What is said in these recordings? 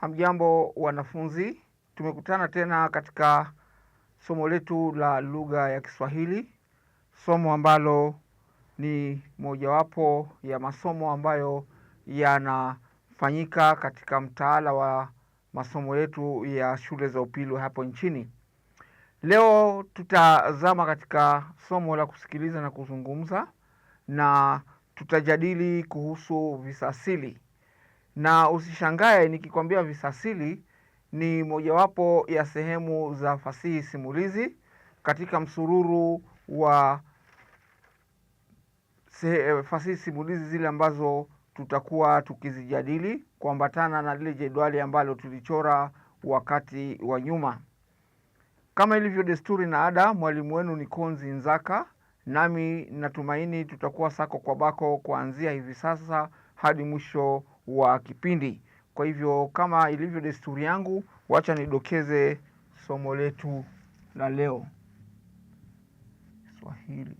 Hamjambo wanafunzi, tumekutana tena katika somo letu la lugha ya Kiswahili, somo ambalo ni mojawapo ya masomo ambayo yanafanyika katika mtaala wa masomo yetu ya shule za upili hapo nchini. Leo tutazama katika somo la kusikiliza na kuzungumza, na tutajadili kuhusu visasili, na usishangae nikikwambia visasili ni mojawapo ya sehemu za fasihi simulizi katika msururu wa eh, fasihi simulizi zile ambazo tutakuwa tukizijadili kuambatana na lile jedwali ambalo tulichora wakati wa nyuma. Kama ilivyo desturi na ada, mwalimu wenu ni Konzi Nzaka nami natumaini tutakuwa sako kwa bako kuanzia hivi sasa hadi mwisho wa kipindi. Kwa hivyo kama ilivyo desturi yangu, wacha nidokeze somo letu la leo Swahili.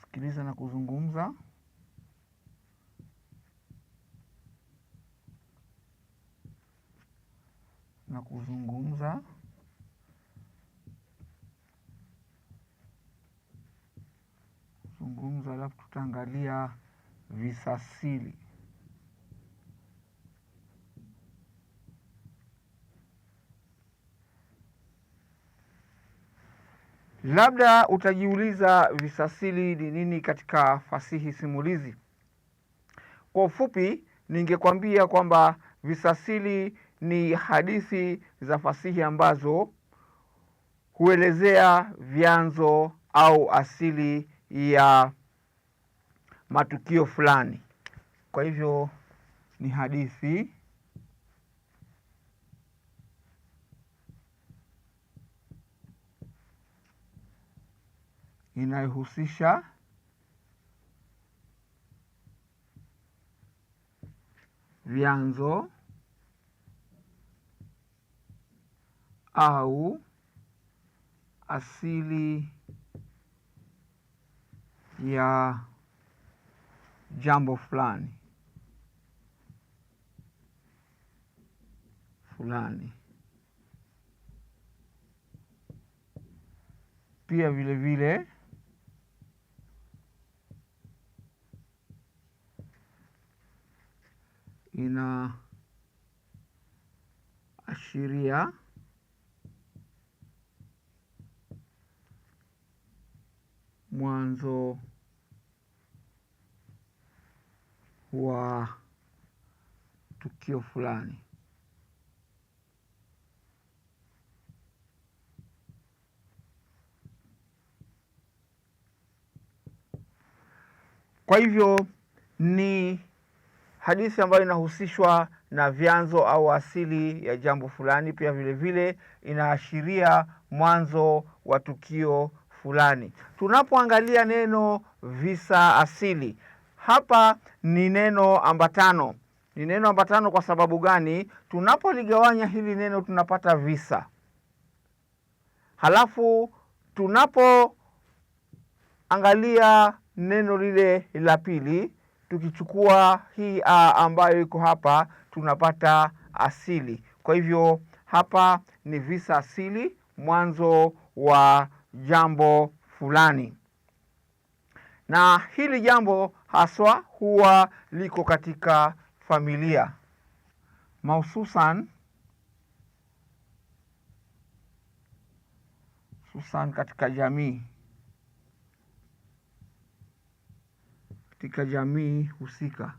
Sikiliza na kuzungumza. na kuzungumza tutaangalia visasili Labda utajiuliza visasili ni nini katika fasihi simulizi? Kwa ufupi, ningekwambia kwamba visasili ni hadithi za fasihi ambazo huelezea vyanzo au asili ya matukio fulani. Kwa hivyo ni hadithi inayohusisha vyanzo au asili ya jambo fulani fulani. Pia vile vile ina ashiria mwanzo wa tukio fulani. Kwa hivyo ni hadithi ambayo inahusishwa na vyanzo au asili ya jambo fulani. Pia vile vile inaashiria mwanzo wa tukio fulani. Tunapoangalia neno visa asili hapa ni neno ambatano. Ni neno ambatano kwa sababu gani? Tunapoligawanya hili neno tunapata visa, halafu tunapoangalia neno lile la pili tukichukua hii a ambayo iko hapa tunapata asili. Kwa hivyo hapa ni visa asili, mwanzo wa jambo fulani na hili jambo haswa huwa liko katika familia mahususan hususan katika jamii katika jamii husika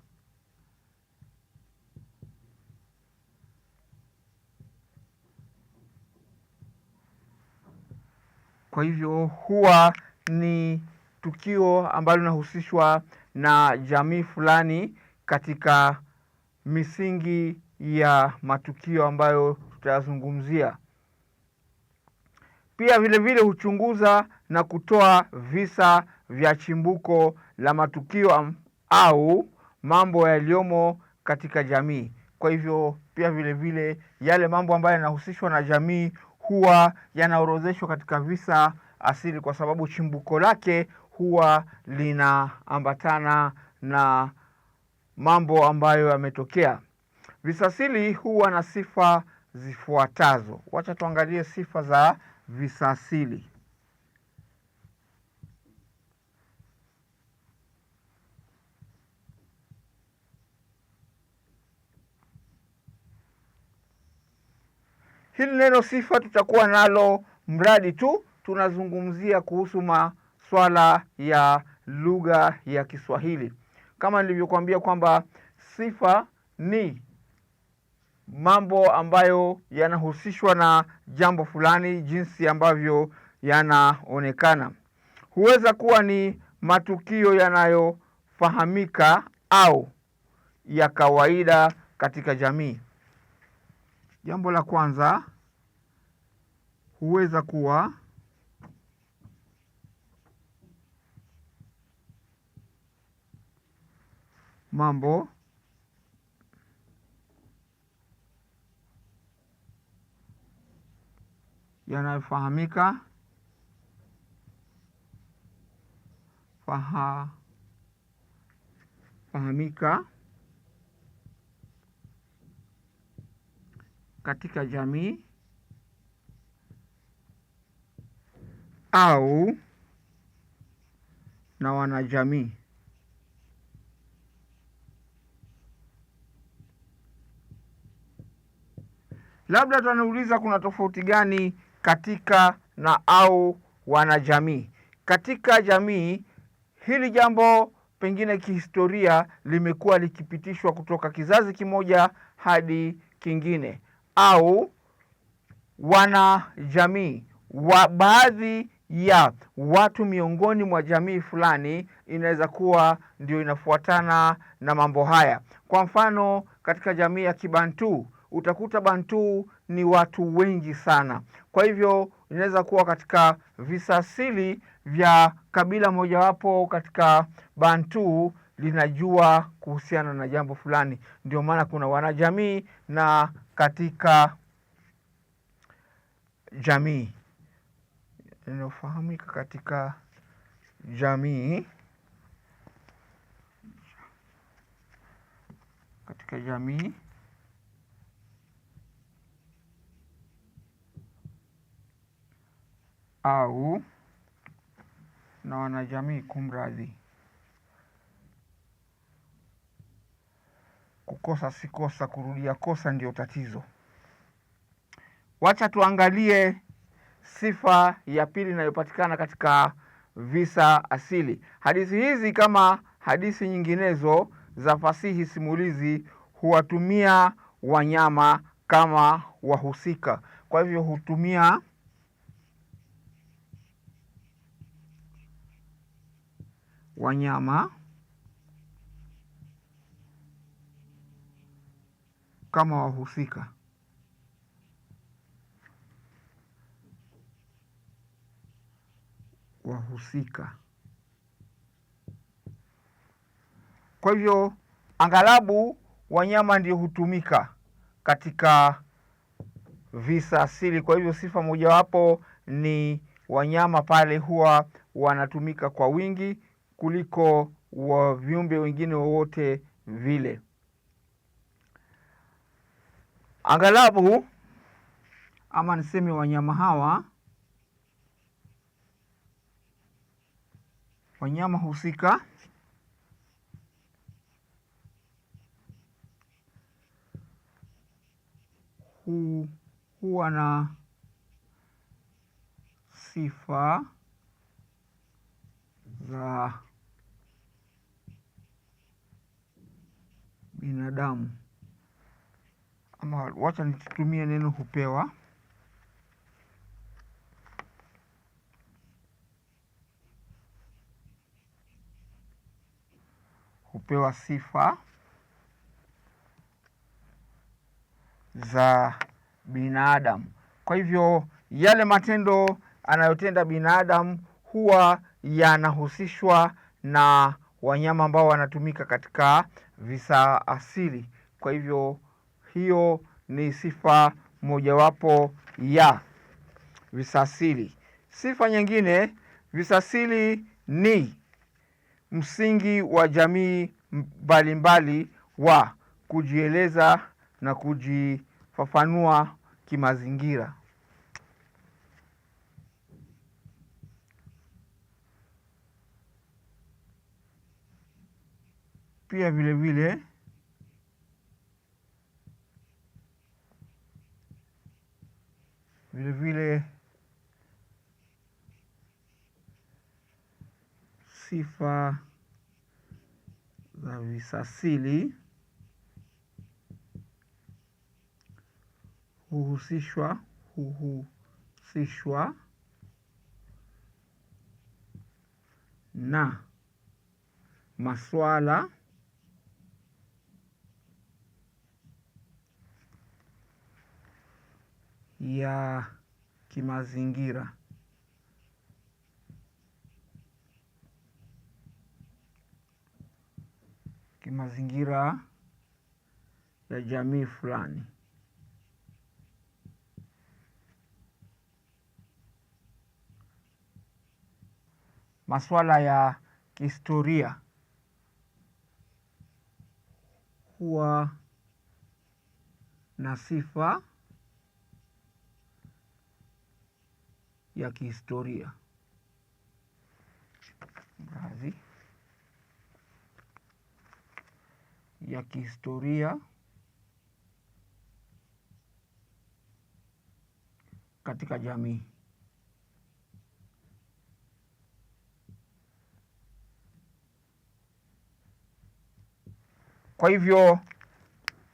kwa hivyo huwa ni tukio ambalo linahusishwa na jamii fulani katika misingi ya matukio ambayo tutayazungumzia. Pia vile vile huchunguza na kutoa visa vya chimbuko la matukio au mambo yaliyomo katika jamii. Kwa hivyo pia vile vile yale mambo ambayo yanahusishwa na jamii huwa yanaorodheshwa katika visa asili, kwa sababu chimbuko lake huwa linaambatana na mambo ambayo yametokea. Visasili huwa na sifa zifuatazo. Wacha tuangalie sifa za visasili. Hili neno sifa tutakuwa nalo mradi tu tunazungumzia kuhusu ma swala ya lugha ya Kiswahili. Kama nilivyokuambia kwamba sifa ni mambo ambayo yanahusishwa na jambo fulani, jinsi ambavyo yanaonekana. Huweza kuwa ni matukio yanayofahamika au ya kawaida katika jamii. Jambo la kwanza huweza kuwa mambo yanayofahamika faha, fahamika katika jamii au na wanajamii. Labda tunauliza kuna tofauti gani katika na au wanajamii. Katika jamii hili jambo pengine kihistoria limekuwa likipitishwa kutoka kizazi kimoja hadi kingine, au wanajamii wa baadhi ya watu miongoni mwa jamii fulani, inaweza kuwa ndio inafuatana na mambo haya. Kwa mfano, katika jamii ya Kibantu utakuta Bantu ni watu wengi sana. Kwa hivyo inaweza kuwa katika visasili vya kabila mojawapo katika Bantu linajua kuhusiana na jambo fulani, ndio maana kuna wanajamii na katika jamii inayofahamika katika jamii katika jamii au na wanajamii kumradhi. Kukosa si kosa, kurudia kosa ndiyo tatizo. Wacha tuangalie sifa ya pili inayopatikana katika visa asili. Hadithi hizi kama hadithi nyinginezo za fasihi simulizi huwatumia wanyama kama wahusika, kwa hivyo hutumia wanyama kama wahusika. Wahusika. Kwa hivyo angalabu wanyama ndio hutumika katika visa asili. Kwa hivyo sifa mojawapo ni wanyama pale huwa wanatumika kwa wingi kuliko wa viumbe wengine wowote vile. angalabu ama niseme wanyama hawa, wanyama husika hu, huwa na sifa za binadamu ama wacha nitumie neno hupewa hupewa sifa za binadamu. Kwa hivyo yale matendo anayotenda binadamu huwa yanahusishwa na wanyama ambao wanatumika katika visa asili. Kwa hivyo hiyo ni sifa mojawapo ya visa asili Sifa nyingine, visa asili ni msingi wa jamii mbalimbali wa kujieleza na kujifafanua kimazingira. Pia vile vile vile vile sifa za visasili huhusishwa huhusishwa na masuala ya kimazingira. Kimazingira ya jamii fulani. Maswala ya kihistoria huwa na sifa ya kihistoria baadhi ya kihistoria katika jamii kwa hivyo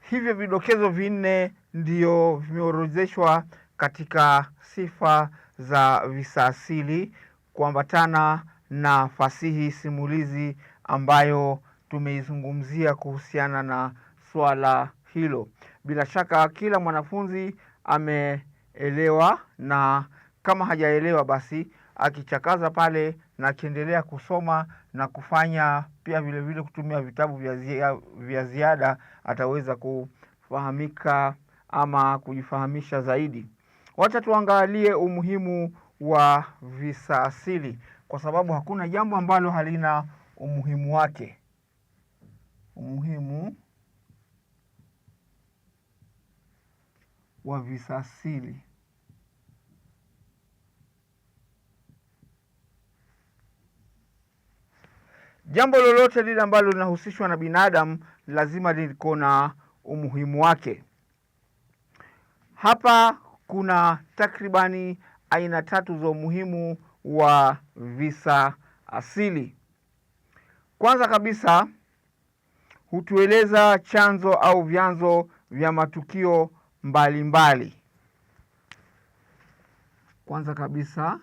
hivyo vidokezo vinne ndio vimeorodheshwa katika sifa za visasili kuambatana na fasihi simulizi ambayo tumeizungumzia kuhusiana na swala hilo. Bila shaka kila mwanafunzi ameelewa, na kama hajaelewa basi akichakaza pale na akiendelea kusoma na kufanya pia vile vile kutumia vitabu vya ziada ataweza kufahamika ama kujifahamisha zaidi. Wacha tuangalie umuhimu wa visa asili, kwa sababu hakuna jambo ambalo halina umuhimu wake. Umuhimu wa visa asili. Jambo lolote lile ambalo linahusishwa na binadamu lazima liko na umuhimu wake. Hapa kuna takribani aina tatu za umuhimu wa visa asili. Kwanza kabisa hutueleza chanzo au vyanzo vya matukio mbalimbali mbali. Kwanza kabisa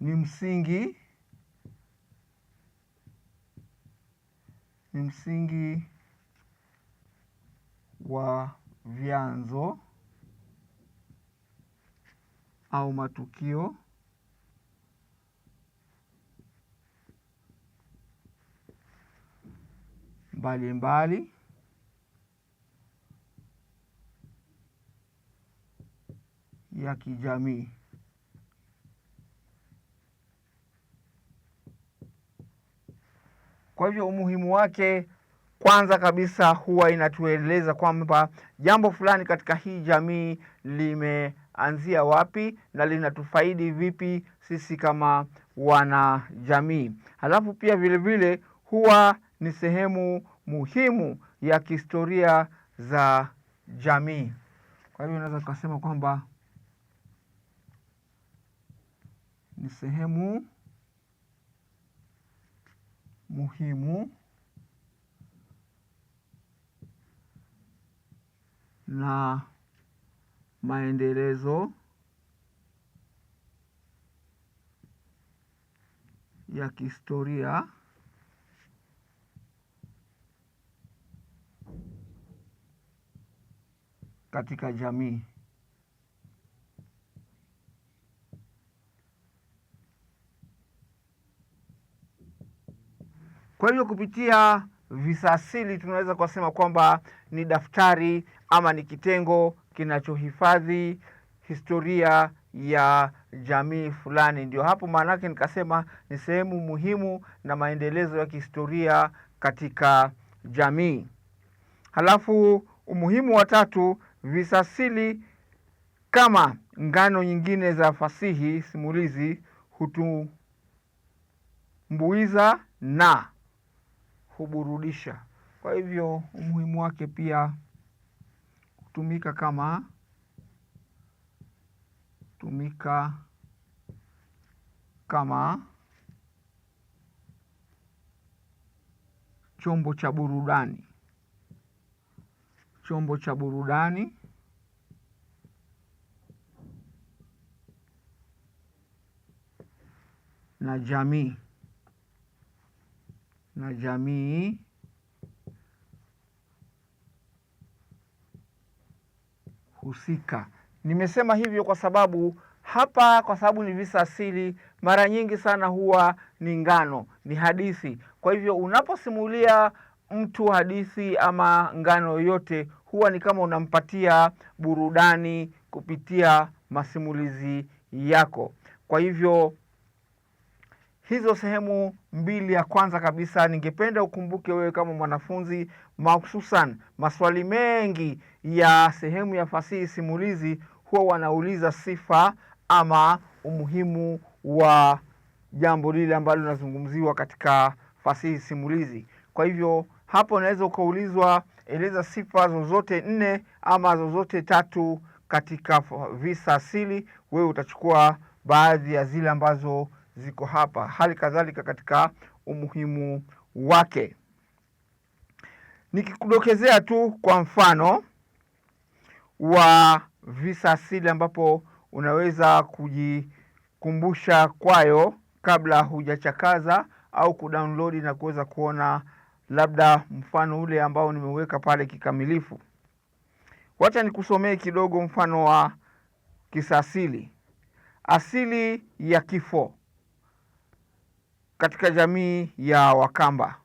ni msingi ni msingi wa vyanzo au matukio mbalimbali ya kijamii. Kwa hivyo umuhimu wake, kwanza kabisa, huwa inatueleza kwamba jambo fulani katika hii jamii lime linaanzia wapi na linatufaidi vipi sisi kama wanajamii. Halafu pia vile vile, huwa ni sehemu muhimu ya kihistoria za jamii. Kwa hivyo unaweza tukasema kwamba ni sehemu muhimu na maendelezo ya kihistoria katika jamii. Kwa hivyo kupitia visasili tunaweza kusema kwamba ni daftari ama ni kitengo kinachohifadhi historia ya jamii fulani. Ndio hapo maanake nikasema ni sehemu muhimu na maendelezo ya kihistoria katika jamii. Halafu umuhimu wa tatu, visasili kama ngano nyingine za fasihi simulizi hutumbuiza na huburudisha. Kwa hivyo umuhimu wake pia tumika kama tumika kama chombo cha burudani, chombo cha burudani na jamii na jamii husika. Nimesema hivyo kwa sababu hapa, kwa sababu ni visa asili, mara nyingi sana huwa ni ngano, ni hadithi. Kwa hivyo unaposimulia mtu hadithi ama ngano yoyote, huwa ni kama unampatia burudani kupitia masimulizi yako. Kwa hivyo hizo sehemu mbili. Ya kwanza kabisa, ningependa ukumbuke wewe kama mwanafunzi, mahususan maswali mengi ya sehemu ya fasihi simulizi huwa wanauliza sifa ama umuhimu wa jambo lile ambalo linazungumziwa katika fasihi simulizi. Kwa hivyo, hapo unaweza ukaulizwa, eleza sifa zozote nne ama zozote tatu katika visa asili. Wewe utachukua baadhi ya zile ambazo ziko hapa, hali kadhalika katika umuhimu wake. Nikikudokezea tu kwa mfano wa visa asili ambapo unaweza kujikumbusha kwayo kabla hujachakaza au kudownload na kuweza kuona labda mfano ule ambao nimeuweka pale kikamilifu. Wacha nikusomee kidogo mfano wa kisasili asili ya kifo katika jamii ya Wakamba.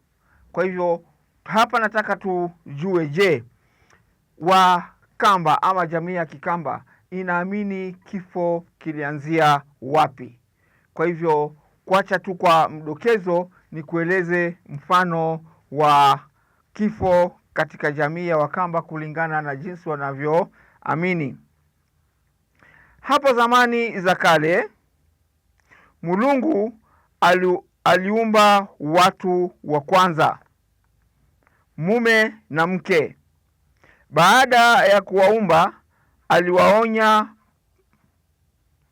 Kwa hivyo hapa nataka tujue, je, Wakamba ama jamii ya Kikamba inaamini kifo kilianzia wapi? Kwa hivyo kuacha tu kwa mdokezo, ni kueleze mfano wa kifo katika jamii ya Wakamba kulingana na jinsi wanavyoamini. Hapo zamani za kale, Mulungu aliumba watu wa kwanza, mume na mke. Baada ya kuwaumba, aliwaonya,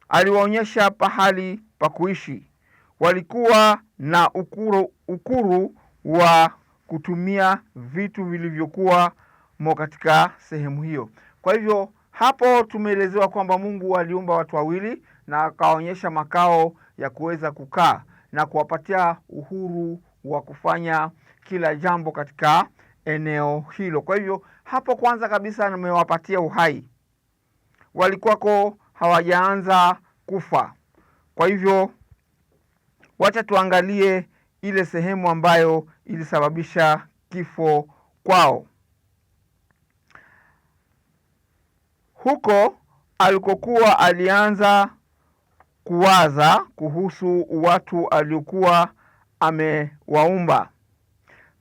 aliwaonyesha pahali pa kuishi. Walikuwa na ukuru, ukuru wa kutumia vitu vilivyokuwa mo katika sehemu hiyo. Kwa hivyo hapo tumeelezewa kwamba Mungu aliumba watu wawili na akaonyesha makao ya kuweza kukaa na kuwapatia uhuru wa kufanya kila jambo katika eneo hilo. Kwa hivyo hapo kwanza kabisa nimewapatia uhai, walikuwako hawajaanza kufa. Kwa hivyo wacha tuangalie ile sehemu ambayo ilisababisha kifo kwao. Huko alikokuwa alianza kuwaza kuhusu watu aliokuwa amewaumba.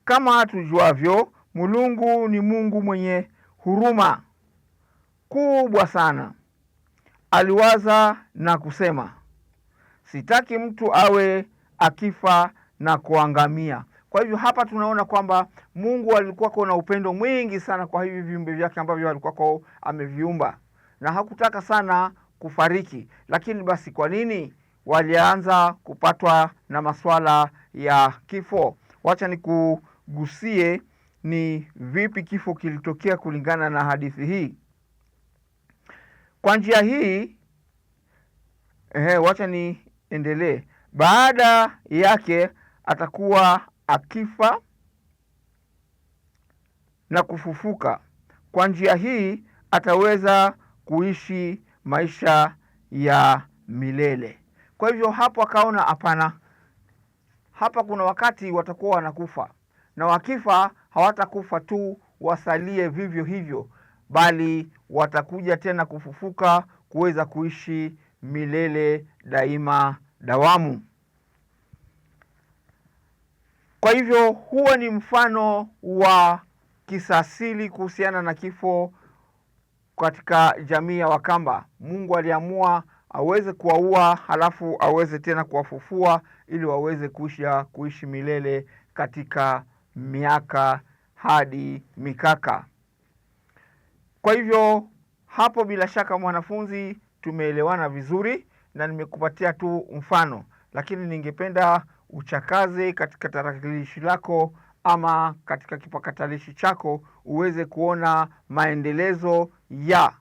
Kama tujuavyo, Mulungu ni Mungu mwenye huruma kubwa sana. Aliwaza na kusema, sitaki mtu awe akifa na kuangamia. Kwa hivyo hapa tunaona kwamba Mungu alikuwako na upendo mwingi sana kwa hivi viumbe vyake ambavyo alikuwako ameviumba, na hakutaka sana kufariki. Lakini basi kwa nini walianza kupatwa na masuala ya kifo? Wacha nikugusie ni vipi kifo kilitokea kulingana na hadithi hii. Kwa njia hii ehe, wacha niendelee. Baada yake atakuwa akifa na kufufuka. Kwa njia hii ataweza kuishi maisha ya milele. Kwa hivyo hapo akaona hapana, hapa kuna wakati watakuwa wanakufa, na wakifa hawatakufa tu wasalie vivyo hivyo, bali watakuja tena kufufuka kuweza kuishi milele daima dawamu. Kwa hivyo huo ni mfano wa kisasili kuhusiana na kifo katika jamii ya Wakamba. Mungu aliamua aweze kuwaua halafu aweze tena kuwafufua ili waweze kuisha kuishi milele katika miaka hadi mikaka. Kwa hivyo hapo, bila shaka mwanafunzi, tumeelewana vizuri na nimekupatia tu mfano, lakini ningependa uchakaze katika tarakilishi lako ama katika kipakatalishi chako uweze kuona maendelezo ya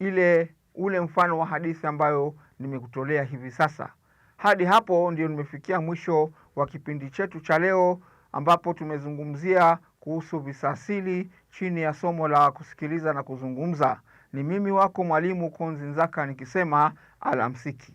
ile ule mfano wa hadithi ambayo nimekutolea hivi sasa. Hadi hapo ndio nimefikia mwisho wa kipindi chetu cha leo ambapo tumezungumzia kuhusu visasili chini ya somo la kusikiliza na kuzungumza. Ni mimi wako mwalimu Konzi Nzaka nikisema alamsiki.